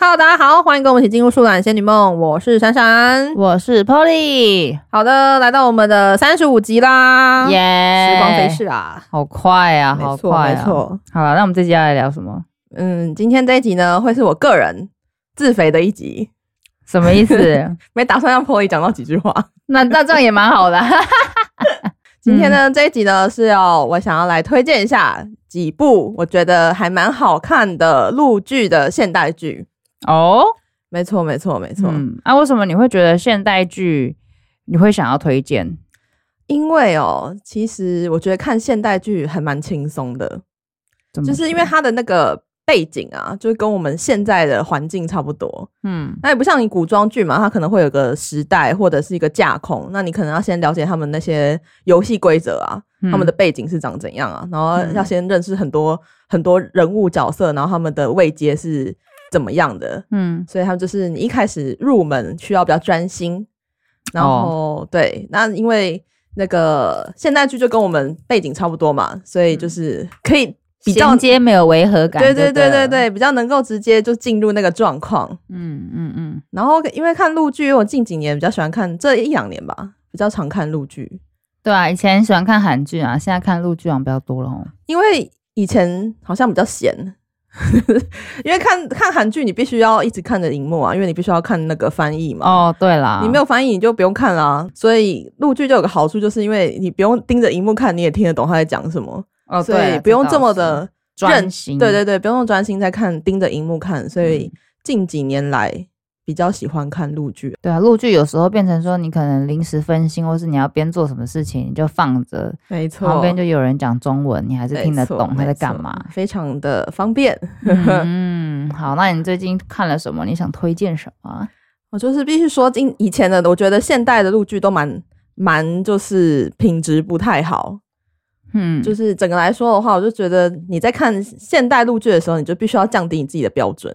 哈嘍，Hello, 大家好，歡迎跟我們一起進入《樹懶仙女夢》。我是閃閃，我是 Polly。好的，來到我們的三十五集啦，耶 Yeah！時光飛逝啊，好快啊，沒錯好快啊！沒錯好啦，那我們這集要來聊什麼？嗯，今天這一集呢，會是我個人自肥的一集，什麼意思？ 沒打算讓 Polly 講到幾句話。那那這樣也蠻好的。 今天呢，嗯、這一集呢，是要、哦、我想要來推薦一下幾部我覺得還蠻好看的陸劇的現代劇。哦、oh?，沒錯，沒錯，沒錯、嗯。啊，為什麼你會覺得現代劇你會想要推薦？因為哦，其實我覺得看現代劇還蠻輕鬆的，就是因為它的那個背景啊，就是跟我們現在的環境差不多。嗯，那也不像你古裝劇嘛，它可能會有個時代或者是一個架空，那你可能要先了解他們那些遊戲規則啊，嗯、他們的背景是長怎樣啊，然後要先認識很多、嗯、很多人物角色，然後他們的位階是。怎麼樣的？嗯，所以他們就是你一開始入門需要比較專心，然後、哦、對，那因為那個現代劇就跟我們背景差不多嘛，所以就是可以比較、嗯、接沒有違和感，對對對對對，這個、比較能夠直接就進入那個狀況、嗯。嗯嗯嗯。然後因為看陸劇，我近幾年比較喜歡看這一兩年吧，比較常看陸劇。對啊，以前喜歡看韓劇啊，現在看陸劇好像比較多了哦。因為以前好像比較閒。 因為看看韓劇，你必須要一直看着熒幕啊，因為你必須要看那個翻譯嘛。哦，對啦，你沒有翻譯你就不用看啦，啊。所以陸劇就有個好處，就是因為你不用盯着熒幕看，你也聽得懂他在講什麼。哦，所以對啦，不用這麼的專心。對對對，不用專心在看盯着熒幕看。所以，嗯，近幾年來。比較喜歡看陸劇，對啊，陸劇有時候變成說你可能臨時分心，或是你要邊做什麼事情，你就放着，沒錯，旁邊就有人講中文，你還是聽得懂他在幹嘛，非常的方便。 嗯，好，那你最近看了什麼？你想推薦什麼？我就是必須說，今以前的我覺得現代的陸劇都蠻蠻，就是品質不太好。嗯，就是整個來說的話，我就覺得你在看現代陸劇的時候，你就必須要降低你自己的標準。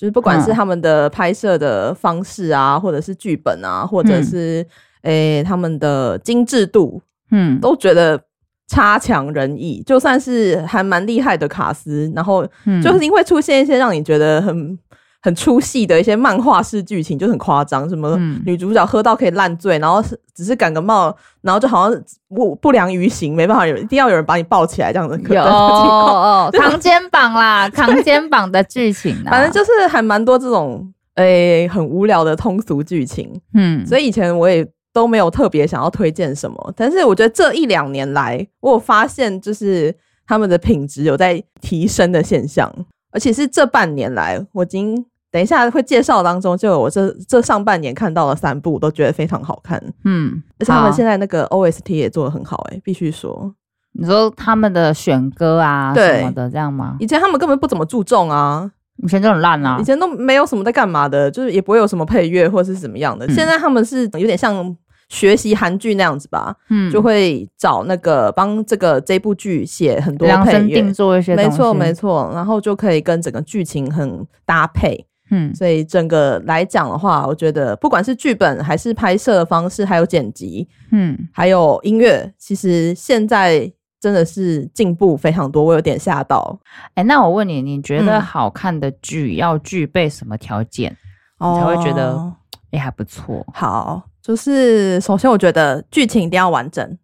就是不管是他們的拍攝的方式啊，嗯、或者是劇本啊，或者是誒他們的精致度，嗯，都覺得差強人意。就算是還蠻厲害的卡司，然後就是因為出現一些讓你覺得很。很出戲的一些漫畫式劇情就很誇張，什麼女主角喝到可以爛醉，然後只是感個冒，然後就好像不不良於行，沒辦法有一定要有人把你抱起來這樣子。有哦哦扛肩膀啦， 對扛肩膀的劇情、啊、反正就是還蠻多這種誒、欸、很無聊的通俗劇情。嗯，所以以前我也都沒有特別想要推薦什麼，但是我覺得這一兩年來，我有發現就是他們的品質有在提升的現象，而且是這半年來我已經。等一下會介紹當中，就有我這這上半年看到的三部，都覺得非常好看。嗯，而且他們現在那個 OST 也做得很好。欸，哎，必須說，你說他們的選歌啊什麼的對這樣嗎？以前他們根本不怎麼注重啊，以前就很爛啊，以前都沒有什麼在幹嘛的，就是也不會有什麼配樂或是怎麼樣的。嗯，現在他們是有點像學習韓劇那樣子吧，嗯，就會找那個幫這個這部劇寫很多配樂，量身定做一些東西，沒錯沒錯，然後就可以跟整個劇情很搭配。嗯，所以整個來講的話，我覺得不管是劇本還是拍攝的方式，還有剪輯，嗯，還有音樂，其實現在真的是進步非常多，我有點嚇到。哎、欸，那我問你，你覺得好看的劇要具備什麼條件，嗯、你才會覺得也、哦欸、還不錯？好，就是首先我覺得劇情一定要完整，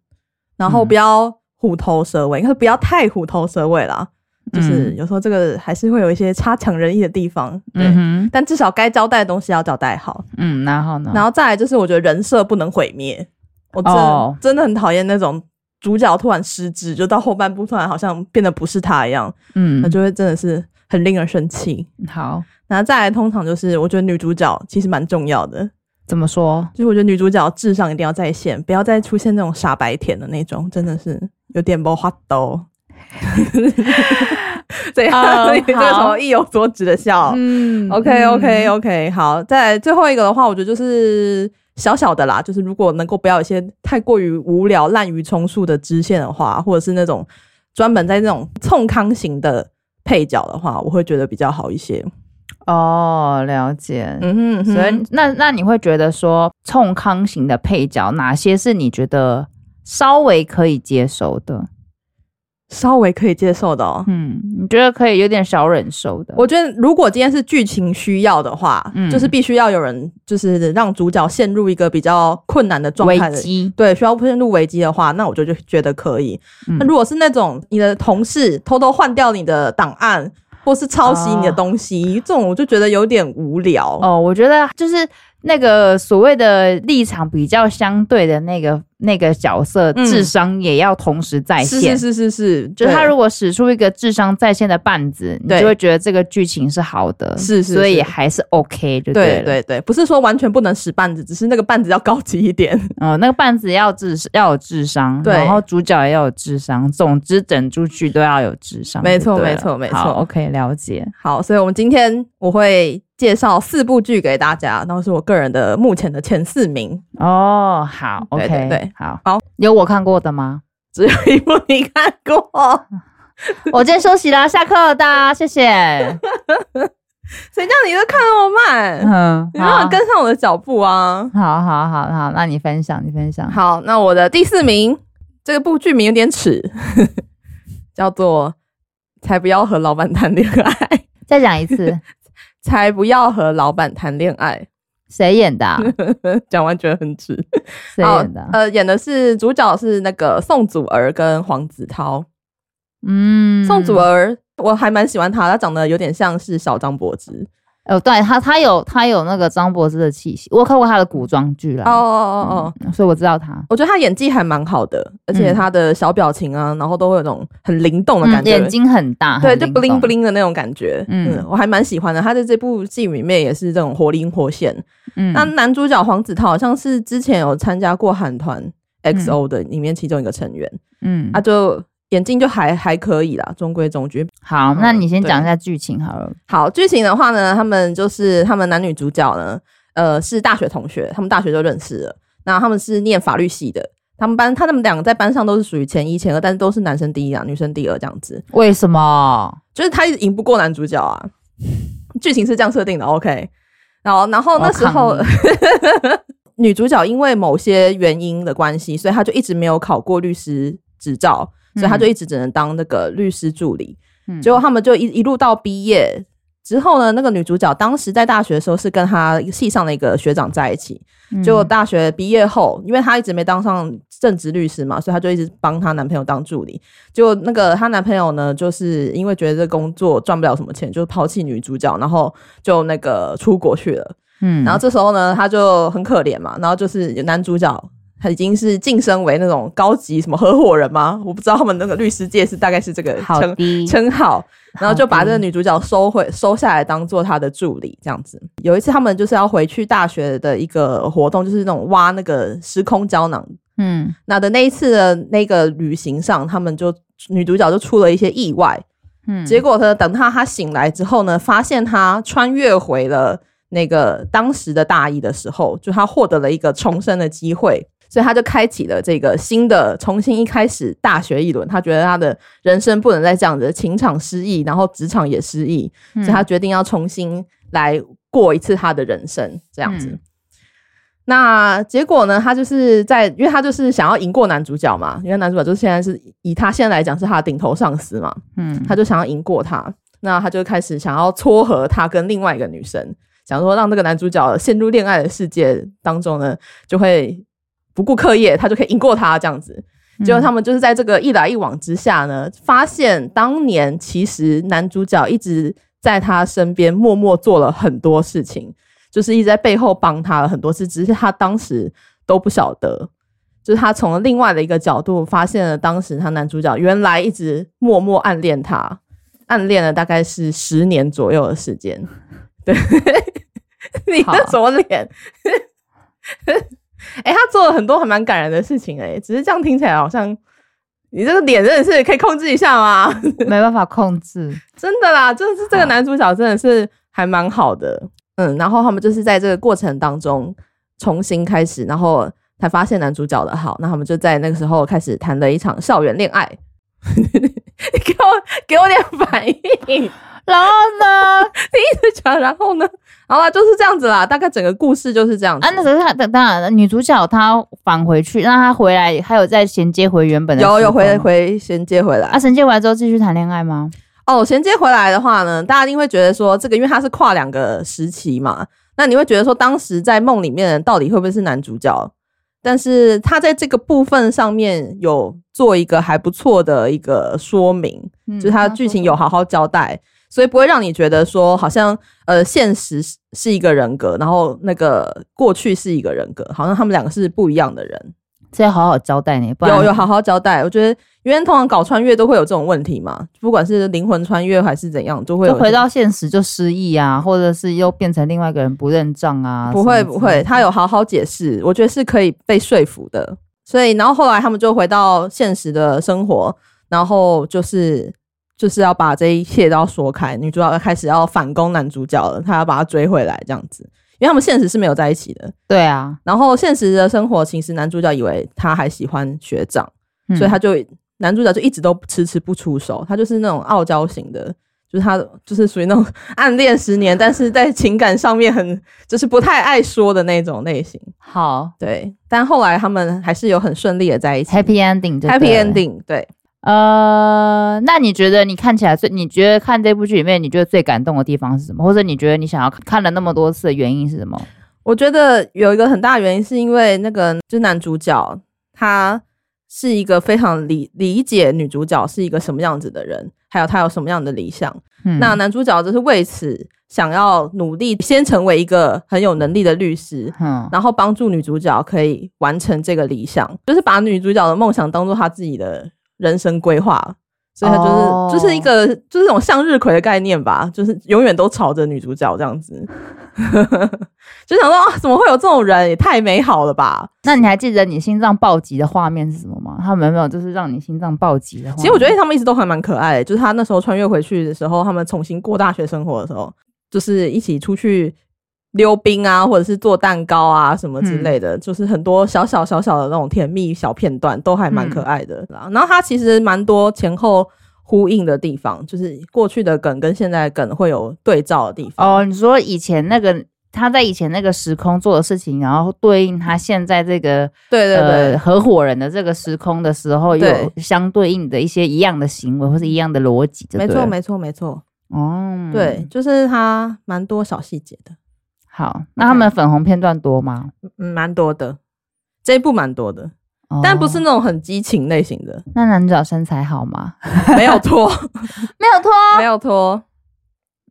然後不要虎頭蛇尾，嗯、因為不要太虎頭蛇尾了。就是有時候這個還是會有一些差強人意的地方，嗯、哼對，但至少該交代的東西要交代好。嗯，然後呢，然後再來就是我覺得人設不能毀滅。我真的，哦、真的很討厭那種主角突然失智，就到後半部突然好像變得不是他一樣，嗯，那就會真的是很令人生氣。好，然後再來通常就是我覺得女主角其實蠻重要的。怎麼說？就是我覺得女主角智商一定要在線，不要再出現那種傻白甜的那種，真的是有點無法度。哈哈，所以這個時候意有所指的笑。嗯，OK OK OK，好，再來最後一個的話，我覺得就是小小的啦，就是如果能夠不要一些太過於無聊、濫竽充數的支線的話，或者是那種專門在那種沖康型的配角的話，我會覺得比較好一些。哦，了解，嗯嗯，所以那那你會覺得說沖康型的配角哪些是你覺得稍微可以接受的？稍微可以接受的哦，嗯，你覺得可以有點小忍受的。我覺得如果今天是劇情需要的話，嗯，就是必須要有人，就是讓主角陷入一個比較困難的狀態的危機，對，需要陷入危機的話，那我就覺得可以。那、嗯、如果是那種你的同事偷偷換掉你的檔案，或是抄襲你的東西，哦、這種我就覺得有點無聊哦。我覺得就是。那個所謂的立場比較相對的那個那個角色、嗯、智商也要同時在線，是是是是是，就他如果使出一個智商在線的絆子，對你就會覺得這個劇情是好的，是，是是，所以還是 OK 就對，對對對，不是說完全不能使絆子，只是那個絆子要高級一點，嗯，那個絆子要智要有智商，對然後主角也要有智商，總之整出去都要有智商沒。沒錯沒錯沒錯，OK，了解。好，所以我們今天我會。介紹四部劇給大家，那是我個人的目前的前四名哦。Oh, 好，OK，對，對，對，okay, 好，好有我看過的嗎？只有一部你看過。 我今天休息啦， 下課、啊，大家謝謝。誰叫你都看那麼慢？嗯，然後跟上我的腳步啊。好，好，好，好，那你分享，你分享。好，那我的第四名，這個、部劇名有點恥， 叫做《才不要和老板談戀愛》。再講一次。才不要和老闆談戀愛，誰演的啊？講 完覺得很值。誰演的？呃，演的是主角是那個宋祖兒跟黃子韜。嗯，宋祖兒我還蠻喜歡他，他長得有點像是小張柏芝。哦，對他，他有他有那個張柏芝的氣息，我有看過他的古裝劇啦。哦哦哦哦，所以我知道他，我覺得他演技還蠻好的，而且他的小表情啊，嗯、然後都會有種很靈動的感覺，嗯、眼睛很大，很對，就 bling bling 的那種感覺，嗯，嗯，我還蠻喜歡的。他在這部戲裡面也是這種活靈活現。嗯，那男主角黃子韜好像是之前有參加過韓團 X O 的裡面其中一個成員，嗯，他就。眼鏡就還還可以啦，中規中矩。好，那你先講一下劇情好了。好，劇情的話呢，他們就是他們男女主角呢，呃，是大學同學，他們大學就認識了。然後他們是念法律系的，他們班，他們兩個在班上都是屬於前一前二，但是都是男生第一啊，女生第二這樣子。為什麼？就是他一直贏不過男主角啊。劇情是這樣設定的，OK。然後，然後那時候， 女主角因為某些原因的關係，所以她就一直沒有考過律師執照。所以他就一直只能當那個律師助理，嗯，結果他們就一一路到畢業之後呢，那個女主角當時在大學的時候是跟她系上的一個學長在一起，嗯，就大學畢業後，因為她一直沒當上正職律師嘛，所以她就一直幫她男朋友當助理。就那個她男朋友呢，就是因為覺得這工作賺不了什麼錢，就拋棄女主角，然後就那個出國去了。嗯，然後這時候呢，她就很可憐嘛，然後就是男主角。他已經是晉升為那種高級什麼合夥人嗎？我不知道他們那個律師界是大概是這個稱的稱號。然後就把這個女主角收回收下來，當做他的助理這樣子。有一次他們就是要回去大學的一個活動，就是那種挖那個時空膠囊。嗯，那的那一次的那個旅行上，他們就女主角就出了一些意外。嗯，結果呢，等她她醒來之後呢，發現她穿越回了那個當時的大一的時候，就她獲得了一個重生的機會。所以他就開啟了這個新的重新一開始大學一輪，他覺得他的人生不能再這樣子，情場失意，然後職場也失意，嗯、所以他決定要重新來過一次他的人生這樣子。嗯、那結果呢？他就是在，因為他就是想要贏過男主角嘛，因為男主角就是現在是以他現在來講是他的頂頭上司嘛，嗯，他就想要贏過他，那他就開始想要撮合他跟另外一個女生，想說讓這個男主角陷入戀愛的世界當中呢，就會。不顧課業，他就可以贏過他這樣子。嗯、結果他們就是在這個一來一往之下呢，發現當年其實男主角一直在他身邊默默做了很多事情，就是一直在背後幫他了很多事，只是他當時都不曉得。就是他從另外的一個角度發現了，當時他男主角原來一直默默暗戀他，暗戀了大概是十年左右的時間。對， 你的左臉。好 哎、欸，他做了很多還蠻感人的事情、欸，哎，只是這樣聽起來好像你這個臉真的是可以控制一下嗎？沒辦法控制， 真的啦，就是這個男主角真的是還蠻好的，好嗯，然後他們就是在這個過程當中重新開始，然後才發現男主角的好，那他們就在那個時候開始談了一場校園戀愛 你給，給我給我點反應。 然後呢？第 一次講，然後呢？好啦，就是這樣子啦。大概整個故事就是這樣子啊。那時候，的當然，女主角她返回去，那她回來，還有再銜接回原本的有。有有回回銜接回來啊。銜接完之後，繼續談戀愛嗎？哦，銜接回來的話呢，大家一定會覺得說，這個因為他是跨兩個時期嘛，那你會覺得說，當時在夢裡面的人到底會不會是男主角？但是他在這個部分上面有做一個還不錯的一個說明，嗯、就是他劇情有好好交代。嗯所以不會讓你覺得說好像呃，現實是一個人格，然後那個過去是一個人格，好像他們兩個是不一樣的人，這要好好交代呢。有有，好好交代。我覺得因為通常搞穿越都會有這種問題嘛，不管是靈魂穿越還是怎樣，就會回到現實就失憶啊，或者是又變成另外一個人不認賬啊。不會不會，他有好好解釋，我覺得是可以被說服的。所以然後後來他們就回到現實的生活，然後就是。就是要把這一切都要說開，女主角要開始要反攻男主角了，她要把他追回來這樣子，因為他們現實是沒有在一起的。對啊，然後現實的生活其實男主角以為她還喜歡學長，嗯、所以他就男主角就一直都遲遲不出手，他就是那種傲嬌型的，就是他就是屬於那種暗戀十年，嗯、但是在情感上面很就是不太愛說的那種類型。好，對，但後來他們還是有很順利的在一起，Happy Ending，Happy Ending，對。呃，那你覺得你看起來最？你覺得看這部劇裡面，你覺得最感動的地方是什麼？或者你覺得你想要看，看了那麼多次的原因是什麼？我覺得有一個很大原因，是因為那個就是男主角，他是一個非常理理解女主角是一個什麼樣子的人，還有他有什麼樣的理想。嗯、那男主角就是為此想要努力，先成為一個很有能力的律師，嗯，然後幫助女主角可以完成這個理想，就是把女主角的夢想當做他自己的。人生規劃，所以他就是、oh. 就是一個就是這種向日葵的概念吧，就是永遠都朝着女主角這樣子， 就想說啊，怎麼會有這種人，也太美好了吧？那你還記得你心臟暴擊的畫面是什麼嗎？他們有沒有，就是讓你心臟暴擊的畫面？其實我覺得他們一直都還蠻可愛的，就是他那時候穿越回去的時候，他們重新過大學生活的時候，就是一起出去。溜冰啊，或者是做蛋糕啊，什麼之類的，嗯、就是很多小小小小的那種甜蜜小片段，都還蠻可愛的、嗯、然後它其實蠻多前後呼應的地方，就是過去的梗跟現在梗會有對照的地方。哦，你說以前那個他在以前那個時空做的事情，然後對應他現在這個對對對、呃、合夥人的這個時空的時候，對有相對應的一些一樣的行為或是一樣的邏輯。沒錯，沒錯，沒錯。哦，對，就是他蠻多小細節的。好，那他們粉紅片段多嗎？Okay、嗯，蠻多的，這一部蠻多的，oh, 但不是那種很激情類型的。那男主角身材好嗎？ 沒有脫， 沒有脫拖，沒有脫，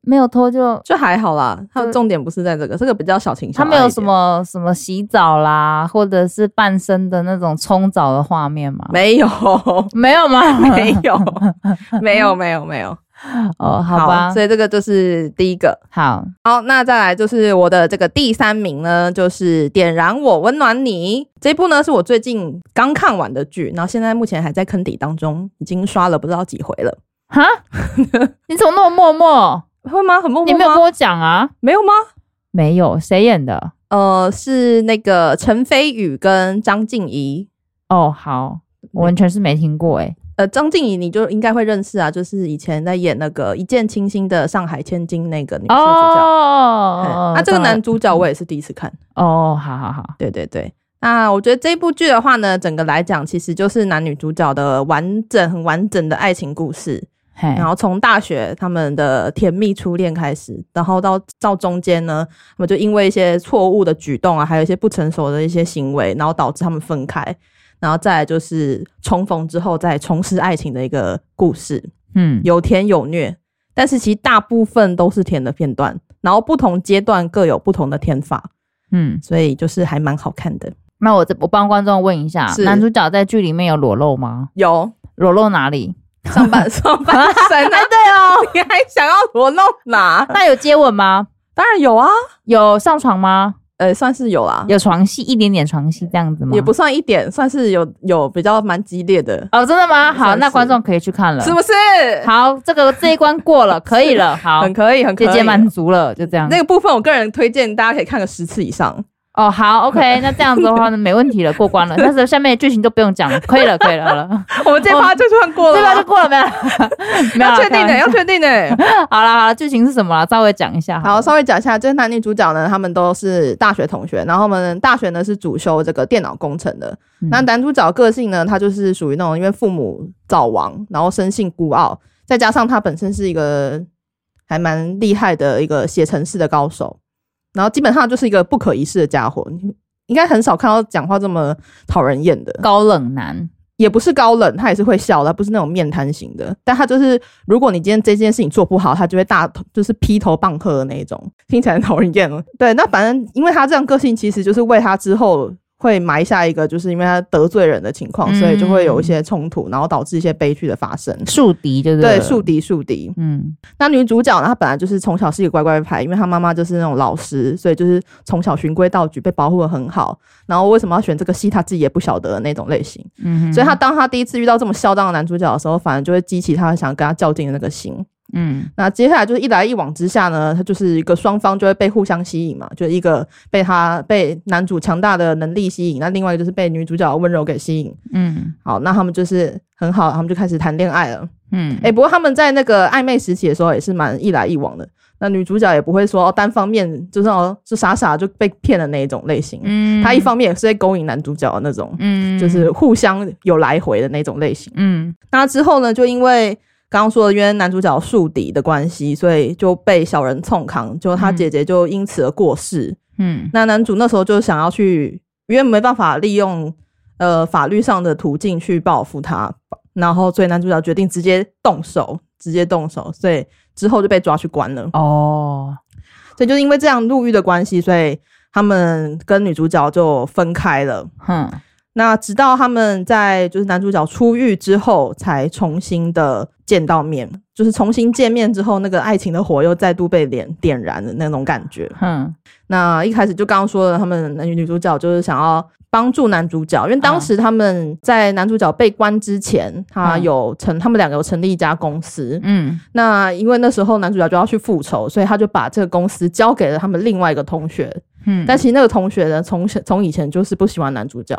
沒有脫，就就還好啦。他的重點不是在這個，這就個比較小情小。他沒有什麼什麼洗澡啦，或者是半身的那種沖澡的畫面嗎？沒有， 沒有嗎？ 沒有，沒有，沒有，沒有。哦，好吧。好，所以這個就是第一個。好，好，那再來就是我的這個第三名呢，就是《點燃我，溫暖你》這部呢，是我最近剛看完的劇，然後現在目前還在坑底當中，已經刷了不知道幾回了。哈， 你怎麼那麼默默？會嗎？很默默？你沒有跟我講啊？沒有嗎？沒有。誰演的？呃，是那個陳飛宇跟張婧儀。哦，好，我完全是沒聽過、欸，誒、嗯。呃，張婧儀，你就應該會認識啊，就是以前在演那個《一見傾心》的上海千金那個女主角。哦，那這個男主角我也是第一次看。哦，oh, 好好好，對對對。那我覺得這部劇的話呢，整個來講其實就是男女主角的完整，很完整的愛情故事。Hey. 然後從大學他們的甜蜜初戀開始，然後到到中間呢，他們就因為一些錯誤的舉動啊，還有一些不成熟的一些行為，然後導致他們分開。然後再來就是重逢之後再重拾愛情的一個故事，嗯，有甜有虐，但是其實大部分都是甜的片段，然後不同階段各有不同的甜法，嗯，所以就是還蠻好看的。那我這我幫觀眾問一下，是男主角在劇裡面有裸露嗎？是有裸露哪裡？上班上班，真的、 啊 哎、對哦， 你還想要裸露哪？ 那有接吻嗎？當然有啊，有上床嗎？呃，算是有啦，有床戲一點點床戲這樣子嗎？也不算一點，算是有有比較蠻激烈的。哦，真的嗎？好，是那觀眾可以去看了，是不是？好，這個這一關過了， 可以了，好，很可以，很可以。直接滿足了，就這樣。那個部分，我個人推薦大家可以看個十次以上。哦，好，OK，那這樣子的話呢，沒問題了，過關了。但是 下面的劇情都不用講了，可以了，可以了，好了。 我們這趴就算過了，這趴、哦、就過了沒有、 欸？要確定的、欸，要確定的。好啦，好了，劇情是什麼啦？稍微講一下好，好，稍微講一下，這男女主角呢，他們都是大學同學，然後我們大學呢是主修這個電腦工程的。嗯、那男主角個性呢，他就是屬於那種因為父母早亡，然後生性孤傲，再加上他本身是一個還蠻厲害的一個寫程式的高手。然後基本上就是一個不可一世的傢伙，應該很少看到講話這麼討人厭的高冷男，也不是高冷，他也是會笑的，他不是那種面癱型的。但他就是，如果你今天這件事情做不好，他就會大就是劈頭棒喝的那一種，聽起來討人厭了。對，那反正因為他這樣個性，其實就是為他之後。會埋下一個，就是因為他得罪人的情況，嗯嗯，所以就會有一些衝突，然後導致一些悲劇的發生。宿敵就是對宿敵，宿敵。宿敵宿敵嗯，那女主角呢？她本來就是從小是一個乖乖牌，因為她媽媽就是那種老師，所以就是從小循規蹈矩，被保護的很好。然後為什麼要選這個戲？她自己也不曉得的那種類型。嗯，嗯，所以她當她第一次遇到這麼囂張的男主角的時候，反而就會激起她想跟他較勁的那個心。嗯，那接下來就是一來一往之下呢，他就是一個雙方就會被互相吸引嘛，就是一個被他被男主強大的能力吸引，那另外就是被女主角溫柔給吸引。嗯，好，那他們就是很好，他們就開始談戀愛了。嗯，哎、欸，不過他們在那個曖昧時期的時候也是蠻一來一往的。那女主角也不會說，哦，單方面就是哦，是傻傻就被騙的那一種類型。嗯，她一方面也是在勾引男主角的那種，嗯，就是互相有來回的那種類型。嗯，那之後呢，就因為。剛剛說的因為男主角樹敵的關係，所以就被小人沖扛，就他姐姐就因此而過世。嗯，那男主那時候就想要去，因為沒辦法利用呃法律上的途徑去報復他，然後所以男主角決定直接動手，直接動手，所以之後就被抓去關了。哦，所以就是因為這樣入獄的關係，所以他們跟女主角就分開了。嗯，那直到他們在就是男主角出獄之後，才重新的。見到面就是重新見面之後，那個愛情的火又再度被點點燃的那種感覺。嗯，那一開始就剛剛說了，他們男女主角就是想要幫助男主角，因為當時他們在男主角被關之前，啊、他有成他們兩個有成立一家公司。嗯，那因為那時候男主角就要去復仇，所以他就把這個公司交給了他們另外一個同學。嗯，但其實那個同學呢，從從以前就是不喜歡男主角，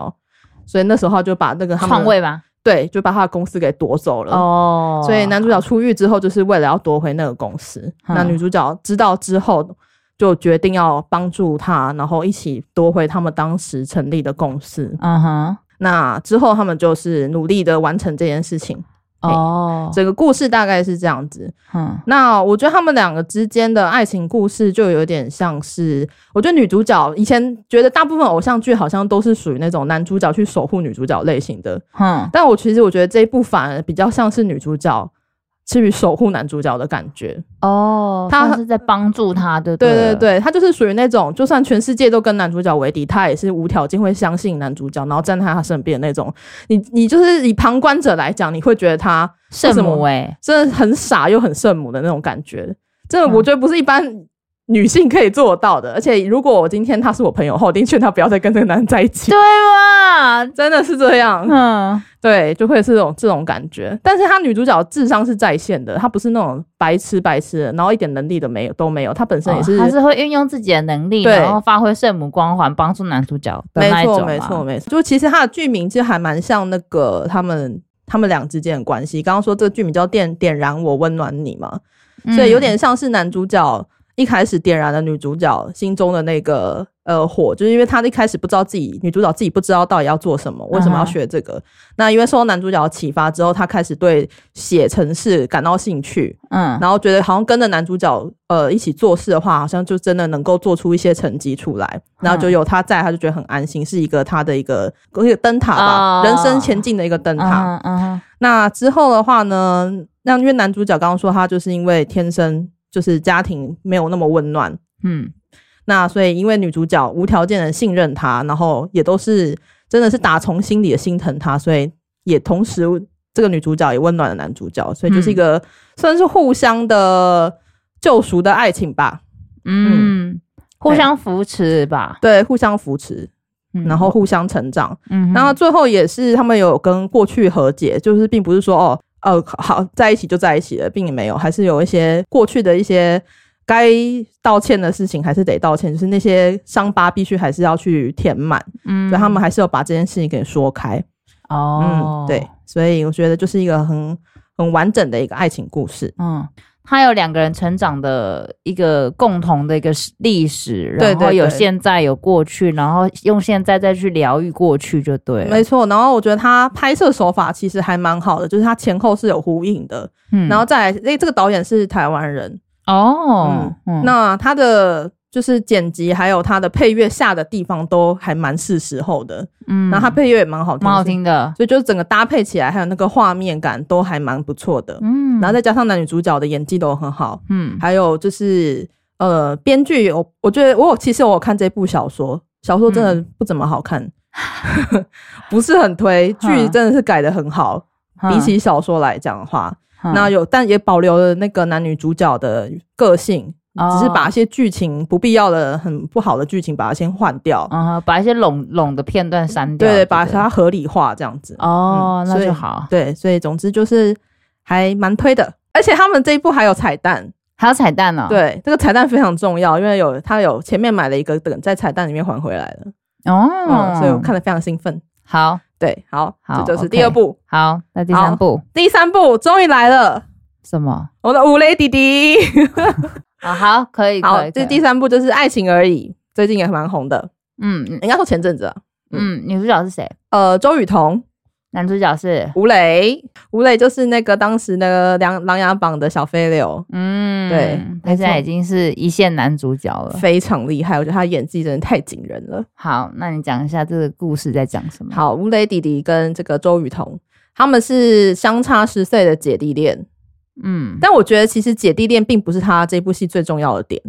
所以那時候他就把那個他們篡位吧。對，就把他的公司給奪走了。Oh. 所以男主角出獄之後，就是為了要奪回那個公司。Huh. 那女主角知道之後，就決定要幫助他，然後一起奪回他們當時成立的公司。嗯哼，Uh-huh. 那之後他們就是努力的完成這件事情。哦、欸，整個故事大概是這樣子。哦、嗯，那我覺得他們兩個之間的愛情故事就有點像是，我覺得女主角以前覺得大部分偶像劇好像都是屬於那種男主角去守護女主角類型的。嗯，但我其實我覺得這一部反而比較像是女主角。屬於守護男主角的感覺哦，他、oh, 是在幫助他的對對，對對對，他就是屬於那種就算全世界都跟男主角為敵，他也是無條件會相信男主角，然後站在他身邊的那種。你你就是以旁觀者來講，你會覺得他聖母哎、欸，真的很傻又很聖母的那種感覺，真的我覺得不是一般。嗯女性可以做到的，而且如果我今天她是我朋友的話，我一定勸她不要再跟這個男人在一起，對嗎吧？真的是這樣，嗯，對，就會是這種這種感覺。但是她女主角智商是在線的，她不是那種白痴白痴的，然後一點能力都沒有都沒有。她本身也是還、哦、是會運用自己的能力，對然後發揮聖母光環幫助男主角的沒錯，沒錯，沒錯。就其實她的劇名就還蠻像那個他們他們倆之間的關係，剛剛說這個劇名叫電《電點燃我，溫暖你》嘛，所以有點像是男主角。嗯一開始點燃了女主角心中的那個呃火，就是因為她一開始不知道自己女主角自己不知道到底要做什麼，為什麼要學這個。Uh huh. 那因為受到男主角的啟發之後，她開始對寫程式感到興趣，嗯、uh huh. 然後覺得好像跟着男主角呃一起做事的話，好像就真的能夠做出一些成績出來。然後就有他在，她就覺得很安心，是一個她的一個一個燈塔吧，uh huh. 人生前進的一個燈塔。Uh huh. 那之後的話呢，那因為男主角剛剛說他就是因為天生。就是家庭沒有那麼溫暖，嗯，那所以因為女主角無條件的信任他，然後也都是真的是打從心裡的心疼他，所以也同時這個女主角也溫暖了男主角，所以就是一個算是互相的救贖的愛情吧，嗯，嗯，互相扶持吧，對，互相扶持，然後互相成長，嗯哼，然後最後也是他們有跟過去和解，就是並不是說哦，哦，好，在一起就在一起了，並沒有，還是有一些過去的一些該道歉的事情，還是得道歉，就是那些傷疤，必須還是要去填滿。嗯，所以他們還是要把這件事情給說開。哦，嗯，對，所以我覺得就是一個很很完整的一個愛情故事。嗯。他有兩個人成長的一個共同的一個歷史，對對對，然後有現在有過去，然後用現在再去療愈過去，就對，沒錯。然後我覺得他拍攝手法其實還蠻好的，就是他前後是有呼應的。嗯，然後再來，誒，這個導演是台灣人哦，嗯，嗯，那他的。就是剪輯還有它的配樂下的地方都還蠻是時候的，嗯，然後它配樂也蠻好聽，蠻好聽的，所以就是整個搭配起來還有那個畫面感都還蠻不錯的，嗯，然後再加上男女主角的演技都很好，嗯，還有就是呃，編劇我我覺得我有其實我有看這部小說，小說真的不怎麼好看，嗯、 不是很推，劇真的是改得很好，哈比起小說來講的話，哈那有但也保留了那個男女主角的個性。只是把一些劇情不必要的、很不好的劇情把它先換掉，把一些籠籠的片段刪掉，對，把它合理化這樣子。哦，那就好。對，所以總之就是還蠻推的，而且他們這一部還有彩蛋，還有彩蛋呢。對，這個彩蛋非常重要，因為有他有前面買了一個等在彩蛋裡面還回來了。哦，所以我看得非常興奮。好，對，好，這就是第二部。好，那第三部，第三部終於來了。什麼？我的吳磊弟弟。啊，好，可以，好，這第三部就是愛情而已，最近也蠻紅的，嗯，應該說前陣子，嗯，女主角是誰？呃，周雨彤，男主角是吳磊，吳磊就是那個當時那個《琅琅琊榜》的小飛流，嗯，對，現在已經是一線男主角了，非常厲害，我覺得他演技真的太驚人了。好，那你講一下這個故事在講什麼？好，吳磊弟弟跟這個周雨彤，他們是相差十歲的姐弟戀。嗯，但我覺得其實姐弟戀並不是他這部戲最重要的點，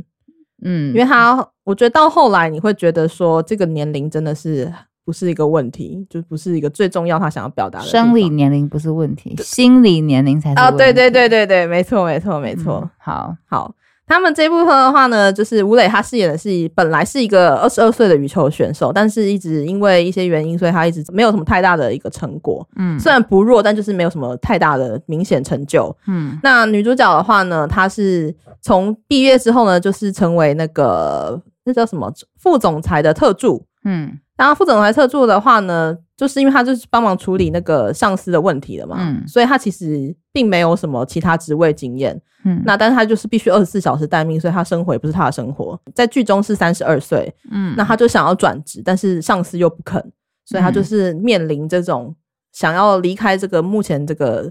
嗯，因為他我覺得到後來你會覺得說這個年齡真的是不是一個問題，就不是一個最重要他想要表達的。生理年齡不是問題，對心理年齡才是問題。啊、哦，對對對對對，沒錯沒錯沒錯、嗯，好好。他們這部分的話呢，就是吳磊他飾演的是本來是一個二十二歲的羽球選手，但是一直因為一些原因，所以他一直沒有什麼太大的一個成果。嗯，雖然不弱，但就是沒有什麼太大的明顯成就。嗯，那女主角的話呢，她是從畢業之後呢，就是成為那個，那叫什麼，副總裁的特助。嗯。然後副總裁特助的話呢，就是因為他就是幫忙處理那個上司的問題了嘛，嗯，所以他其實並沒有什麼其他職位經驗，嗯，那但是他就是必須二十四小時待命，所以他生活也不是他的生活，在劇中是三十二歲，嗯，那他就想要轉職，但是上司又不肯，所以他就是面臨這種想要離開這個目前這個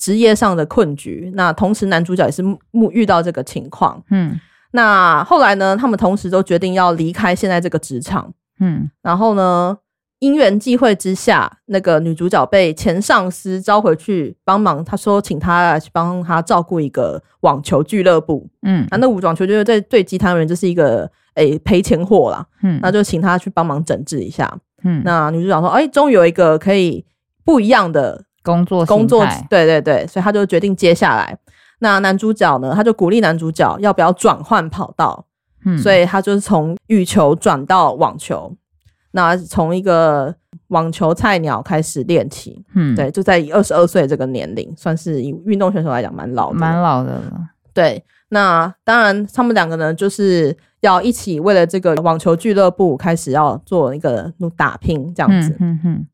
職業上的困局。那同時男主角也是目遇到這個情況，嗯，那後來呢，他們同時都決定要離開現在這個職場。嗯，然後呢，因緣際會之下，那個女主角被前上司召回去幫忙。她說，請他來幫她照顧一個網球俱樂部。嗯，那那五莊球就在對其他人就是一個誒賠錢貨啦，嗯，那就請他去幫忙整治一下。嗯，那女主角說：“哎，終於有一個可以不一樣的工作工作。”對對對，所以他就決定接下來。那男主角呢，他就鼓勵男主角要不要轉換跑道。嗯、所以他就是從羽球轉到網球，那從一個網球菜鳥開始練起。嗯，對，就在二十二歲這個年齡，算是以運動選手來講蠻老的，蠻老的了。對，那當然他們兩個呢，就是要一起為了這個網球俱樂部開始要做一個打拼這樣子。嗯哼，嗯嗯，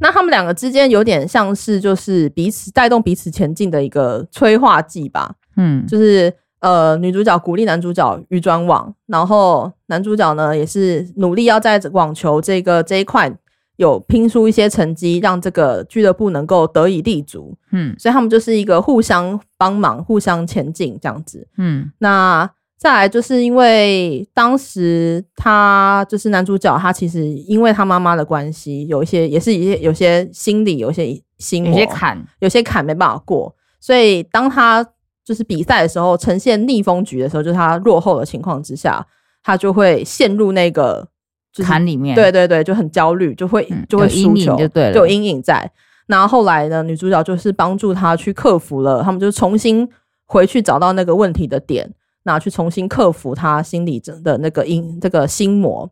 那他們兩個之間有點像是就是彼此帶動彼此前進的一個催化劑吧。嗯，就是。呃，女主角鼓勵男主角遇專網，然後男主角呢也是努力要在網球這個這一塊有拼出一些成績，讓這個俱樂部能夠得以立足。嗯，所以他們就是一個互相幫忙、互相前進這樣子。嗯，那再來就是因為當時他就是男主角，他其實因為他媽媽的關係，有一些也是一些有些心理、有些心有些坎，有些坎沒辦法過，所以當他。就是比賽的時候，呈現逆風局的時候，就是他落後的情況之下，他就會陷入那個、就是、坎裡面。對對對，就很焦慮，就會、嗯、就會輸球，就對了，有陰影在。然後後來呢，女主角就是幫助他去克服了，他們就重新回去找到那個問題的點，然後去重新克服他心裡真的那個陰這個心魔，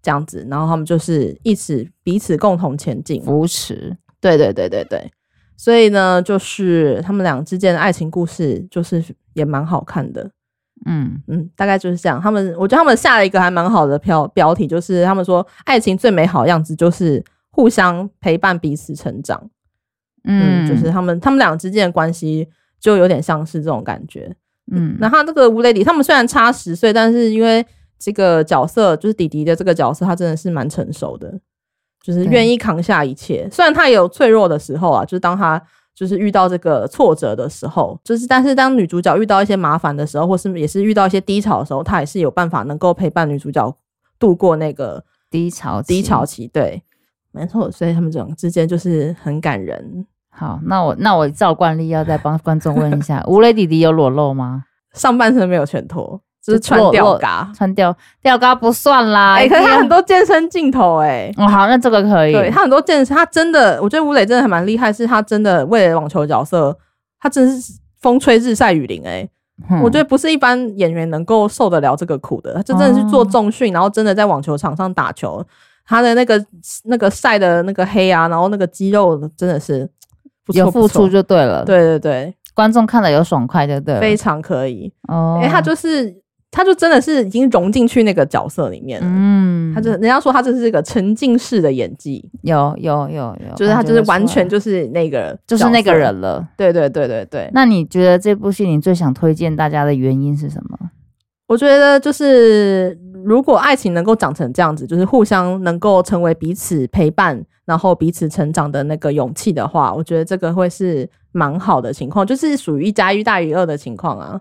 這樣子。然後他們就是一起彼此共同前進，扶持。對對對對對。所以呢，就是他們倆之間的愛情故事，就是也蠻好看的，嗯嗯，大概就是這樣。他們，我覺得他們下了一個還蠻好的標標題，就是他們說愛情最美好的樣子就是互相陪伴彼此成長，嗯，嗯，就是他們他們倆之間的關係就有點像是這種感覺，嗯。嗯，然後這個吳磊裡他們雖然差十歲，但是因為這個角色就是弟弟的這個角色，他真的是蠻成熟的。就是願意扛下一切，對雖然他也有脆弱的時候啊，就是當他就是遇到這個挫折的時候，就是但是當女主角遇到一些麻煩的時候，或是也是遇到一些低潮的時候，他也是有辦法能夠陪伴女主角度過那個低潮期低潮期。對，沒錯，所以他們這種之間就是很感人。好，那我那我照慣例要再幫觀眾問一下，吳磊 弟弟有裸露嗎？上半身沒有拳，全脫穿吊嘎，穿吊吊嘎不算啦。哎、欸，可是他很多健身鏡頭、欸，哎，哦，好，那這個可以。對，他很多健身，他真的，我覺得吳磊真的還蠻厲害，是他真的為了網球角色，他真的是風吹日曬雨淋、欸，哎、嗯，我覺得不是一般演員能夠受得了這個苦的。他真的是做重訓，然後真的在網球場上打球，哦、他的那個那個曬的那個黑啊，然後那個肌肉真的是有付出就對了，對對對，觀眾看了有爽快就對，非常可以哦。因為、欸、他就是。他就真的是已經融進去那個角色裡面了。嗯，他就人家說他這是一個沉浸式的演技，有有有有，有有有，就是他就是完全就是那個就是那個人，就是那個人了，對對對對對。那你覺得這部戲你最想推薦大家的原因是什麼？我覺得就是如果愛情能夠長成這樣子，就是互相能夠成為彼此陪伴，然後彼此成長的那個勇氣的話，我覺得這個會是蠻好的情況，就是屬於一加一大於二的情況啊。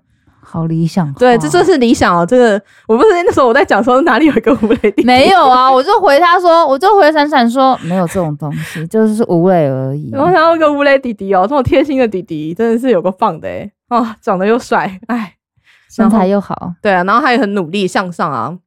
好理想，對，這就是理想哦、喔。這個我不是那時候我在講說哪裡有一個吳磊弟弟，沒有啊？我就回他說，我就回閃閃說沒有這種東西， 就是吳磊而已。然後我想要一個吳磊弟弟哦、喔，這麼貼心的弟弟，真的是有夠棒的哎、欸，哦、喔，長得又帥，哎，身材又好，對啊，然後他也很努力向上啊，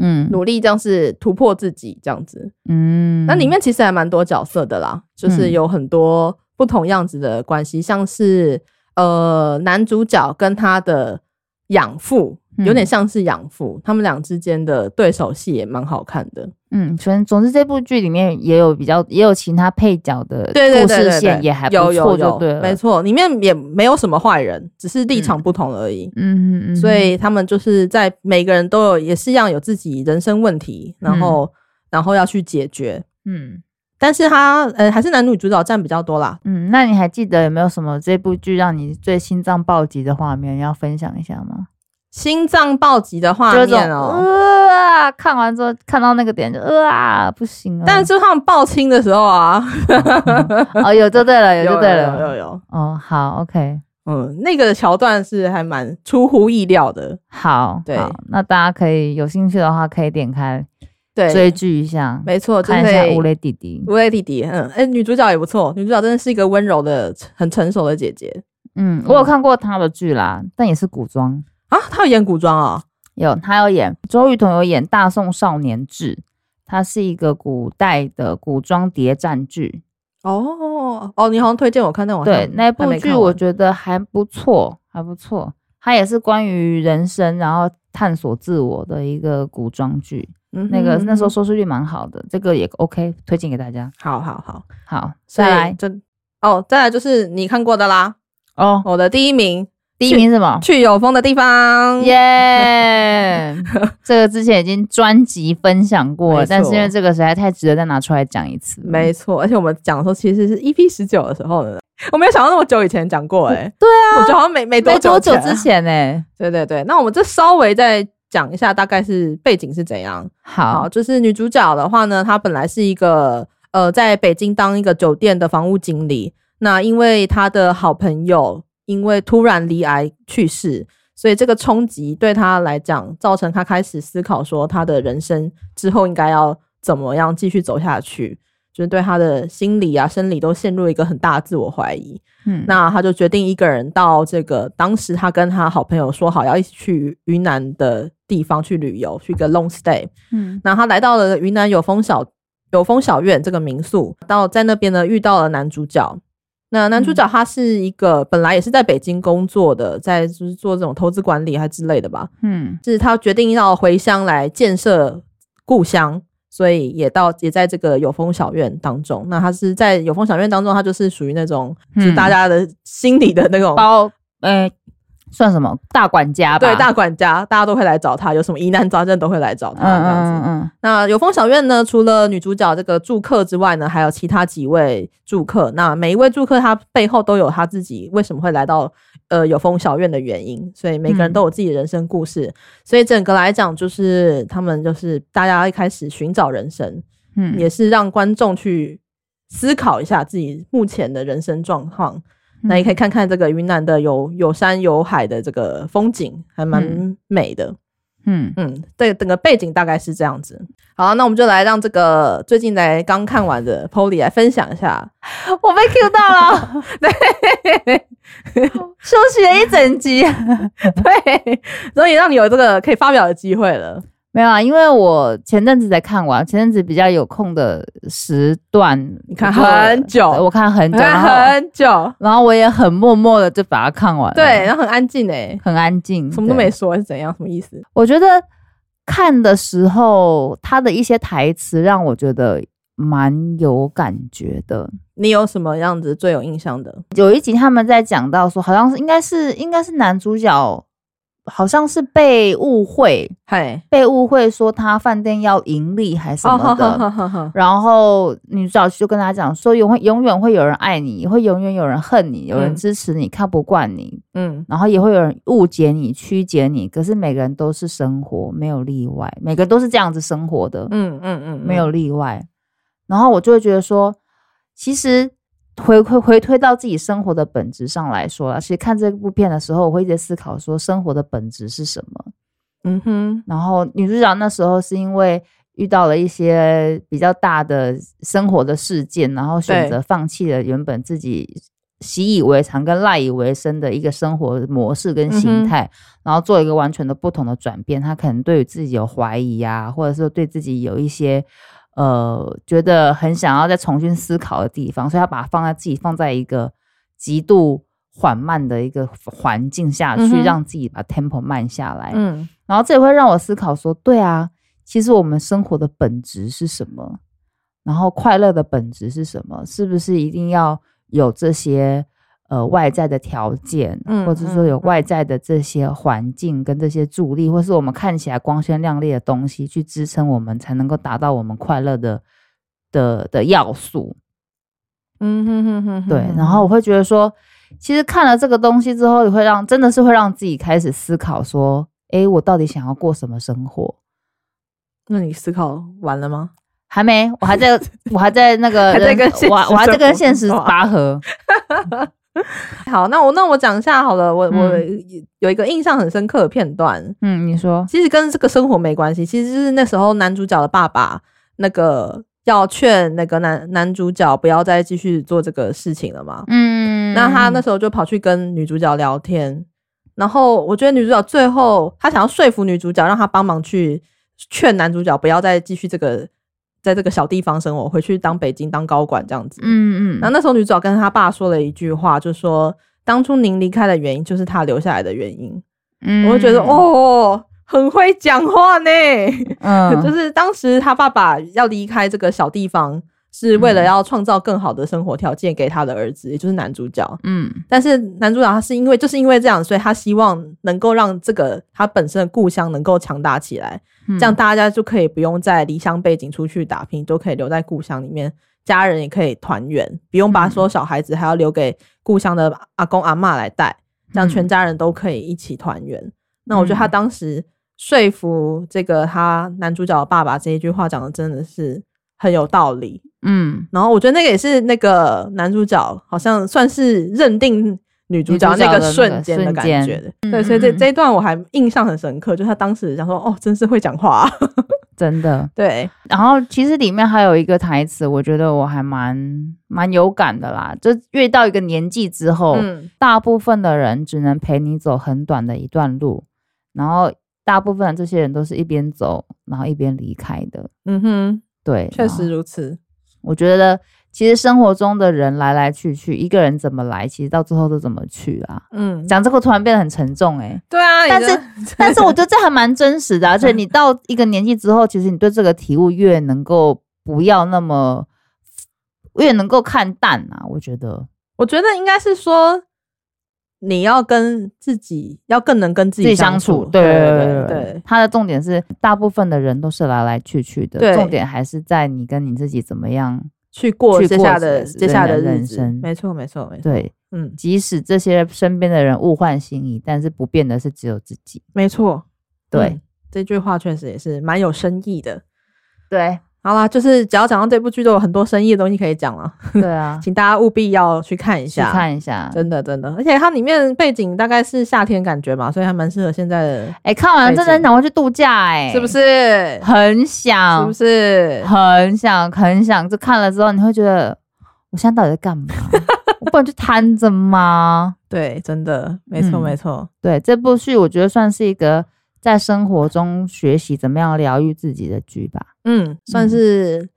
嗯，努力這樣是突破自己這樣子，嗯，那裡面其實還蠻多角色的啦，就是有很多不同樣子的關係，嗯、像是。呃，男主角跟他的養父、嗯、有點像是養父，他們倆之間的對手戲也蠻好看的。嗯，反正總之這部劇裡面也有比較，也有其他配角的故事線，對對對對對，也還不錯，就對了，有有有，沒錯，裡面也沒有什麼壞人，只是立場不同而已。嗯嗯嗯，所以他們就是在每個人都有也是一樣有自己人生問題，然後、嗯、然後要去解決。嗯。但是他呃，還是男女主角占比較多啦。嗯，那你還記得有沒有什麼這部劇讓你最心臟暴擊的畫面你要分享一下嗎？心臟暴擊的畫面哦、喔，呃、啊，看完之後看到那個點就、呃、啊，不行了。但是,就是他們爆親的時候啊哦、嗯，哦，有就對了，有就對了，有有,有,有,有有。哦，好，OK，嗯，那個橋段是還蠻出乎意料的。好，對好，那大家可以有興趣的話可以點開。對追劇一下，沒錯錯，看一下對《吳磊弟弟》。吳磊弟弟，嗯，哎、欸，女主角也不錯。女主角真的是一個溫柔的、很成熟的姐姐。嗯，我有看過她的劇啦，嗯，但也是古裝啊。她有演古裝啊？哦，有，她有演。周雨彤有演《大宋少年志》，她是一個古代的古裝諜戰劇。哦哦、哦、哦，你好像推薦我看那網，對那部劇，我覺得還不錯，還不錯。她也是關於人生，然後探索自我的一個古裝劇。嗯，那個那時候收視率蠻好的，這個也 OK，推薦給大家。好好好，好再來就哦，再來就是你看過的啦。哦，我的第一名，第一名是什麼？去有風的地方，耶！這個之前已經專輯分享過了，但是因為這個實在太值得，再拿出來講一次。沒錯，而且我們講的時候其實是 EP 十九的時候，我沒有想到那麼久以前講過，哎，對啊，我覺得好像沒沒多久之前，哎，對對對，那我們這稍微再。講一下大概是背景是怎樣？好，好，就是女主角的話呢，她本來是一個呃，在北京當一個酒店的房屋經理。那因為她的好朋友因為突然罹癌去世，所以這個衝擊對她來講，造成她開始思考說，她的人生之後應該要怎麼樣繼續走下去。就是對他的心理啊、生理都陷入一個很大的自我懷疑。嗯，那他就決定一個人到這個當時他跟他好朋友說好要一起去雲南的地方去旅遊，去一個 long stay。嗯，那他來到了雲南有風小有風小院這個民宿，到在那邊呢遇到了男主角。那男主角他是一個、嗯、本來也是在北京工作的，在就是做這種投資管理還之類的吧。嗯，就是他決定要回鄉來建設故鄉。所以也到也在這個有風小院當中，那他是在有風小院當中，他就是屬於那種，嗯、就是大家的心裡的那種。包，呃算什麼大管家吧？對，大管家，大家都會來找他，有什麼疑難雜症都會來找他。嗯嗯嗯。那有風小院呢？除了女主角這個住客之外呢，還有其他幾位住客。那每一位住客，他背後都有他自己為什麼會來到呃有風小院的原因。所以每個人都有自己的人生故事。嗯、所以整個來講，就是他們就是大家一開始尋找人生，嗯，也是讓觀眾去思考一下自己目前的人生狀況。那也可以看看這個雲南的有有山有海的這個風景，還蠻美的。嗯嗯，這個、嗯、整個背景大概是這樣子。好，那我們就來讓這個最近來剛看完的 Polly 來分享一下。我被 Q 到了， 對， 休息了一整集，對，所以讓你有這個可以發表的機會了。沒有啊，因為我前陣子才看完，前陣子比較有空的時段，你看很久我，我看很久，看很久，然後，然後我也很默默的就把它看完，對，然後很安靜誒，很安靜，什麼都沒說，對是怎樣，什麼意思？我覺得看的時候，它的一些台詞讓我覺得蠻有感覺的。你有什麼樣子最有印象的？有一集他們在講到說，好像是應該是應該是男主角。好像是被誤會，被誤會說他飯店要盈利還是什麼的。然後女主角就跟他講說，永永遠會有人愛你，也會永遠有人恨你，有人支持你，看不慣你，嗯，然後也會有人誤解你、曲解你。可是每個人都是生活，沒有例外，每個都是這樣子生活的，嗯嗯嗯，沒有例外。然後我就會覺得說，其實。推回回回推到自己生活的本質上來說啦，其實看這部片的時候，我會一直思考說生活的本質是什麼？嗯哼。然後女主角那時候是因為遇到了一些比較大的生活的事件，然後選擇放棄了原本自己習以為常、跟賴以為生的一個生活模式跟心態，嗯、哼然後做一個完全的不同的轉變。她可能對於自己有懷疑啊，或者說對自己有一些。呃，覺得很想要再重新思考的地方，所以要把它放在自己放在一個極度緩慢的一個環境下去，嗯哼，讓自己把 tempo 慢下來。嗯，然後這也會讓我思考說，對啊，其實我們生活的本質是什麼？然後快樂的本質是什麼？是不是一定要有這些？呃，外在的條件，或者說有外在的這些環境跟這些助力，嗯嗯嗯、或是我們看起來光鮮亮麗的東西，去支撐我們才能夠達到我們快樂的的的要素。嗯哼哼哼，哼，哼，對。然後我會覺得說，其實看了這個東西之後，也會讓真的是會讓自己開始思考說，誒、欸，我到底想要過什麼生活？那你思考完了嗎？還沒，我還在，我還在那個，我我還在跟現實拔河。 好，那我那我講一下好了。我、嗯、我有一個印象很深刻的片段，嗯，你說，其實跟這個生活沒關係，其實是那時候男主角的爸爸那個要勸那個男男主角不要再繼續做這個事情了嘛，嗯，那他那時候就跑去跟女主角聊天，然後我覺得女主角最後他想要說服女主角，讓她幫忙去勸男主角不要再繼續這個。在這個小地方生活，回去當北京當高管這樣子。嗯嗯，然後那時候女主角跟她爸說了一句話，就說當初您離開的原因，就是她留下來的原因。嗯，我就覺得哦，很會講話呢。嗯， 就是當時她爸爸要離開這個小地方。是為了要創造更好的生活條件給他的兒子，嗯、也就是男主角。嗯，但是男主角他是因為就是因為這樣，所以他希望能夠讓這個他本身的故鄉能夠強大起來，嗯、這樣大家就可以不用在離鄉背井出去打拼，都可以留在故鄉裡面，家人也可以團圓，不用把所有小孩子還要留給故鄉的阿公阿媽來帶，這樣全家人都可以一起團圓。嗯、那我覺得他當時說服這個他男主角的爸爸這一句話講的真的是很有道理。嗯，然後我覺得那個也是那個男主角好像算是認定女主角的那個瞬間的感覺的，對，嗯嗯。所以這這一段我還印象很深刻，就他當時想說：“哦，真是會講話啊， 真的。”對。然後其實裡面還有一個台詞，我覺得我還蠻蠻有感的啦。就越到一個年紀之後，嗯，大部分的人只能陪你走很短的一段路，然後大部分的這些人都是一邊走，然後一邊離開的。嗯哼，對，確實如此。我覺得其實生活中的人來來去去，一個人怎麼來，其實到最後都怎麼去啊。嗯，講這個突然變得很沉重，欸，誒對啊。但是，你的 但是我覺得這還蠻真實的，啊，而且 你到一個年紀之後，其實你對這個體悟越能夠不要那麼，越能夠看淡啊。我覺得，我覺得應該是說。你要跟自己要更能跟自己相處，對對對對。他的重點是，大部分的人都是來來去去的，重點還是在你跟你自己怎麼樣去過接下的接下的人生。沒錯，沒錯，沒錯。對，嗯，即使這些身邊的人物換星移，但是不變的是只有自己。沒錯，對這句話確實也是蠻有深意的，對。好啦，就是只要講到這部劇，都有很多深意的東西可以講了。對啊， 請大家務必要去看一下，去看一下，真的真的。而且它裡面背景大概是夏天感覺嘛，所以還蠻適合現在的。哎、欸，看完真的很想回去度假、欸，誒是不是？很想，是不是？很想很想，就看了之後你會覺得，我現在到底在幹嘛？ 我不能去癱着嗎？ 對，真的，沒錯、嗯、沒錯錯。對，這部劇我覺得算是一個。在生活中學習怎麼樣療癒自己的劇吧，嗯，算是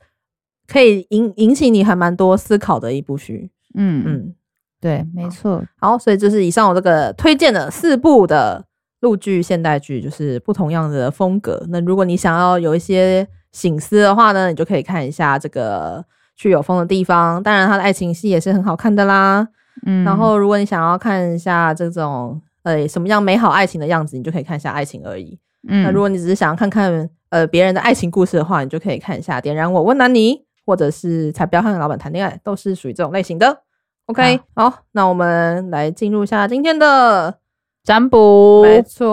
可以引引起你還蠻多思考的一部劇，嗯嗯，嗯對，沒錯。好，所以這是以上我這個推薦的四部的陸劇現代劇，就是不同樣的風格。那如果你想要有一些省思的話呢，你就可以看一下這個《去有風的地方》，當然它的愛情戲也是很好看的啦。嗯，然後如果你想要看一下這種。呃，什麼樣美好愛情的樣子，你就可以看一下愛情而已。嗯，那如果你只是想要看看呃別人的愛情故事的話，你就可以看一下《點燃我溫暖你》，或者是《才不要和老闆談戀愛》，都是屬於這種類型的。OK，啊，好，那我們來進入一下今天的占卜。沒錯，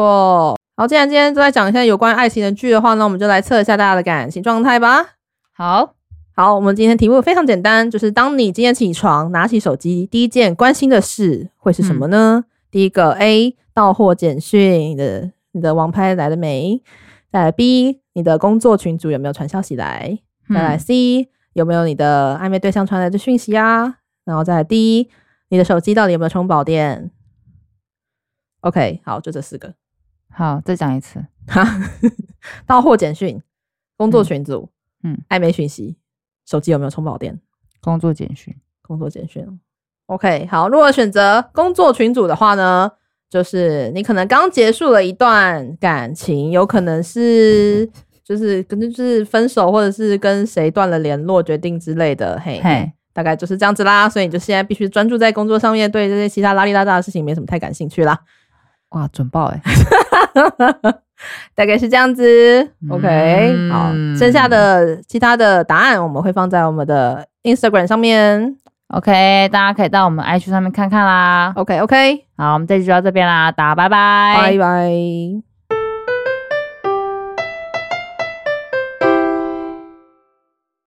好，既然今天都在講一下有關愛情的劇的話呢，那我們就來測一下大家的感情狀態吧。好好，我們今天題目非常簡單，就是當你今天起床拿起手機，第一件關心的事會是什麼呢？嗯第一個 A 到貨簡訊的，你的王牌來了沒？再來 B，你的工作群組有沒有傳消息來？嗯、再來 C，有沒有你的曖昧對象傳來的訊息啊？然後再來 D，你的手機到底有沒有充飽電？OK，好，就這四個。好，再講一次。哈， 到貨簡訊，工作群組，嗯，嗯、曖昧訊息，手機有沒有充飽電？工作簡訊，工作簡訊。OK，好。如果選擇工作群組的話呢，就是你可能剛結束了一段感情，有可能是就是，跟，反正就是分手，或者是跟誰斷了聯絡、決定之類的，嘿，嘿大概就是這樣子啦。所以你就現在必須專注在工作上面，對這些其他邋裡邋遢的事情沒什麼太感興趣啦。哇，準爆哎、欸， 大概是這樣子。嗯、OK，好。剩下的其他的答案我們會放在我們的 Instagram 上面。OK，大家可以到我們 i q 上面看看啦。OK，OK，okay, okay 好，我們這集就到這邊啦，大家拜拜，拜拜。